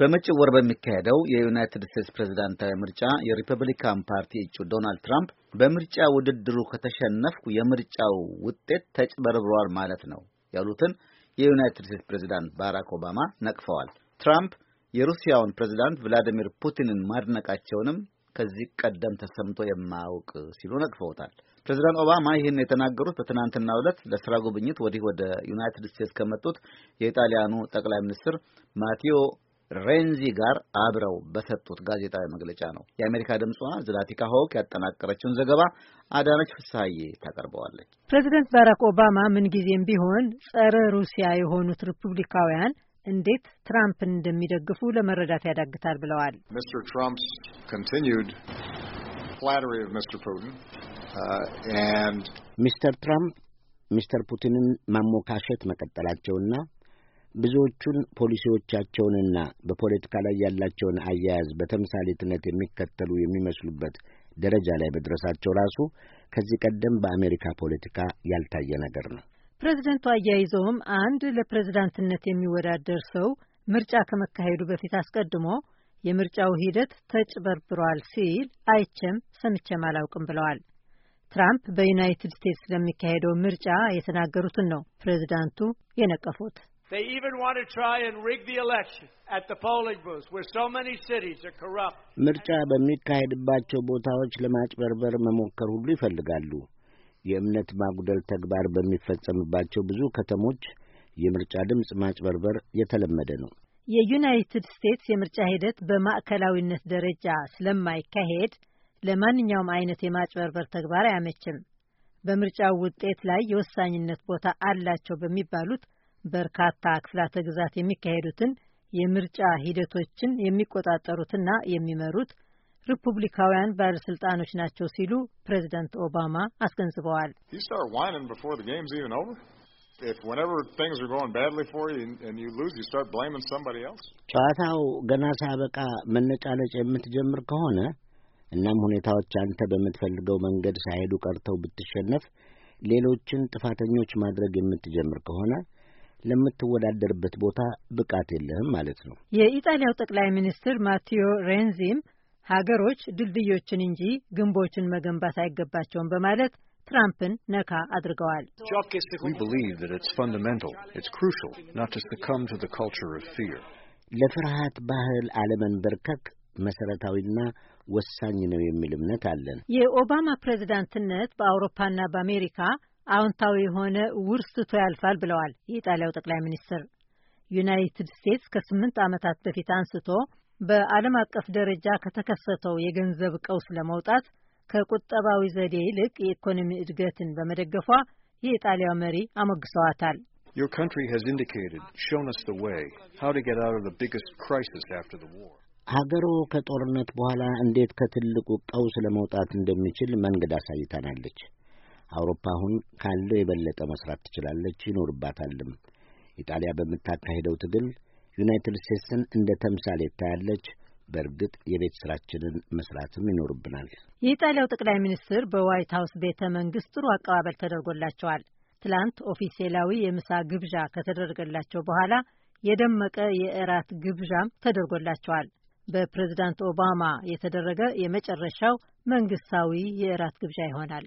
በመጪው ወር በሚካሄደው የዩናይትድ ስቴትስ ፕሬዝዳንታዊ ምርጫ የሪፐብሊካን ፓርቲ እጩ ዶናልድ ትራምፕ በምርጫ ውድድሩ ከተሸነፍኩ የምርጫው ውጤት ተጭበርብሯል ማለት ነው ያሉትን የዩናይትድ ስቴትስ ፕሬዝዳንት ባራክ ኦባማ ነቅፈዋል። ትራምፕ የሩሲያውን ፕሬዝዳንት ቭላዲሚር ፑቲንን ማድነቃቸውንም ከዚህ ቀደም ተሰምቶ የማያውቅ ሲሉ ነቅፈውታል። ፕሬዚዳንት ኦባማ ይህን የተናገሩት በትናንትናው ዕለት ለስራ ጉብኝት ወዲህ ወደ ዩናይትድ ስቴትስ ከመጡት የኢጣሊያኑ ጠቅላይ ሚኒስትር ማቴዎ ሬንዚ ጋር አብረው በሰጡት ጋዜጣዊ መግለጫ ነው። የአሜሪካ ድምጿ ዝላቲካ ሆክ ያጠናቀረችውን ዘገባ አዳነች ፍሳዬ ታቀርበዋለች። ፕሬዚደንት ባራክ ኦባማ ምንጊዜም ቢሆን ጸረ ሩሲያ የሆኑት ሪፑብሊካውያን እንዴት ትራምፕን እንደሚደግፉ ለመረዳት ያዳግታል ብለዋል። continued flattery of Mr. Putin ሚስተር uh, ፑቲንን ማሞካሸት መቀጠላቸውና ብዙዎቹን ፖሊሲዎቻቸውንና በፖለቲካ ላይ ያላቸውን አያያዝ በተምሳሌትነት የሚከተሉ የሚመስሉበት ደረጃ ላይ መድረሳቸው ራሱ ከዚህ ቀደም በአሜሪካ ፖለቲካ ያልታየ ነገር ነው። ፕሬዚደንቱ አያይዘውም አንድ ለፕሬዚዳንትነት የሚወዳደር ሰው ምርጫ ከመካሄዱ በፊት አስቀድሞ የምርጫው ሂደት ተጭበርብሯል ሲል አይቼም ሰምቼም አላውቅም ብለዋል። ትራምፕ በዩናይትድ ስቴትስ ለሚካሄደው ምርጫ የተናገሩትን ነው ፕሬዚዳንቱ የነቀፉት። ምርጫ በሚካሄድባቸው ቦታዎች ለማጭበርበር መሞከር ሁሉ ይፈልጋሉ። የእምነት ማጉደል ተግባር በሚፈጸምባቸው ብዙ ከተሞች የምርጫ ድምፅ ማጭበርበር የተለመደ ነው። የዩናይትድ ስቴትስ የምርጫ ሂደት በማዕከላዊነት ደረጃ ስለማይካሄድ ለማንኛውም አይነት የማጭበርበር ተግባር አያመችም። በምርጫው ውጤት ላይ የወሳኝነት ቦታ አላቸው በሚባሉት በርካታ ክፍላተ ግዛት የሚካሄዱትን የምርጫ ሂደቶችን የሚቆጣጠሩትና የሚመሩት ሪፑብሊካውያን ባለስልጣኖች ናቸው ሲሉ ፕሬዚደንት ኦባማ አስገንዝበዋል። if whenever things are going badly for you and, you lose, you start blaming somebody else. ጨዋታው ገና ሳበቃ መነጫነጭ የምትጀምር ከሆነ እናም ሁኔታዎች አንተ በምትፈልገው መንገድ ሳይሄዱ ቀርተው ብትሸነፍ ሌሎችን ጥፋተኞች ማድረግ የምትጀምር ከሆነ ለምትወዳደርበት ቦታ ብቃት የለህም ማለት ነው። የኢጣሊያው ጠቅላይ ሚኒስትር ማቴዎ ሬንዚም ሀገሮች ድልድዮችን እንጂ ግንቦችን መገንባት አይገባቸውም በማለት ትራምፕን ነካ አድርገዋል። ለፍርሃት ባህል አለመንበርከክ መሠረታዊና ወሳኝ ነው የሚል እምነት አለን። የኦባማ ፕሬዚዳንትነት በአውሮፓና በአሜሪካ አዎንታዊ የሆነ ውርስ ትቶ ያልፋል ብለዋል የኢጣሊያው ጠቅላይ ሚኒስትር። ዩናይትድ ስቴትስ ከስምንት ዓመታት በፊት አንስቶ በዓለም አቀፍ ደረጃ ከተከሰተው የገንዘብ ቀውስ ለመውጣት ከቁጠባዊ ዘዴ ይልቅ የኢኮኖሚ እድገትን በመደገፏ የኢጣሊያ መሪ አሞግሰዋታል። ሀገሮ ከጦርነት በኋላ እንዴት ከትልቁ ቀውስ ለመውጣት እንደሚችል መንገድ አሳይታናለች። አውሮፓ አሁን ካለው የበለጠ መስራት ትችላለች፣ ይኖርባታልም። ኢጣሊያ በምታካሄደው ትግል ዩናይትድ ስቴትስን እንደ ተምሳሌ ታያለች። በእርግጥ የቤት ስራችንን መስራትም ይኖርብናል። የኢጣሊያው ጠቅላይ ሚኒስትር በዋይት ሀውስ ቤተ መንግስት ጥሩ አቀባበል ተደርጎላቸዋል። ትላንት ኦፊሴላዊ የምሳ ግብዣ ከተደረገላቸው በኋላ የደመቀ የእራት ግብዣም ተደርጎላቸዋል። በፕሬዝዳንት ኦባማ የተደረገ የመጨረሻው መንግስታዊ የእራት ግብዣ ይሆናል።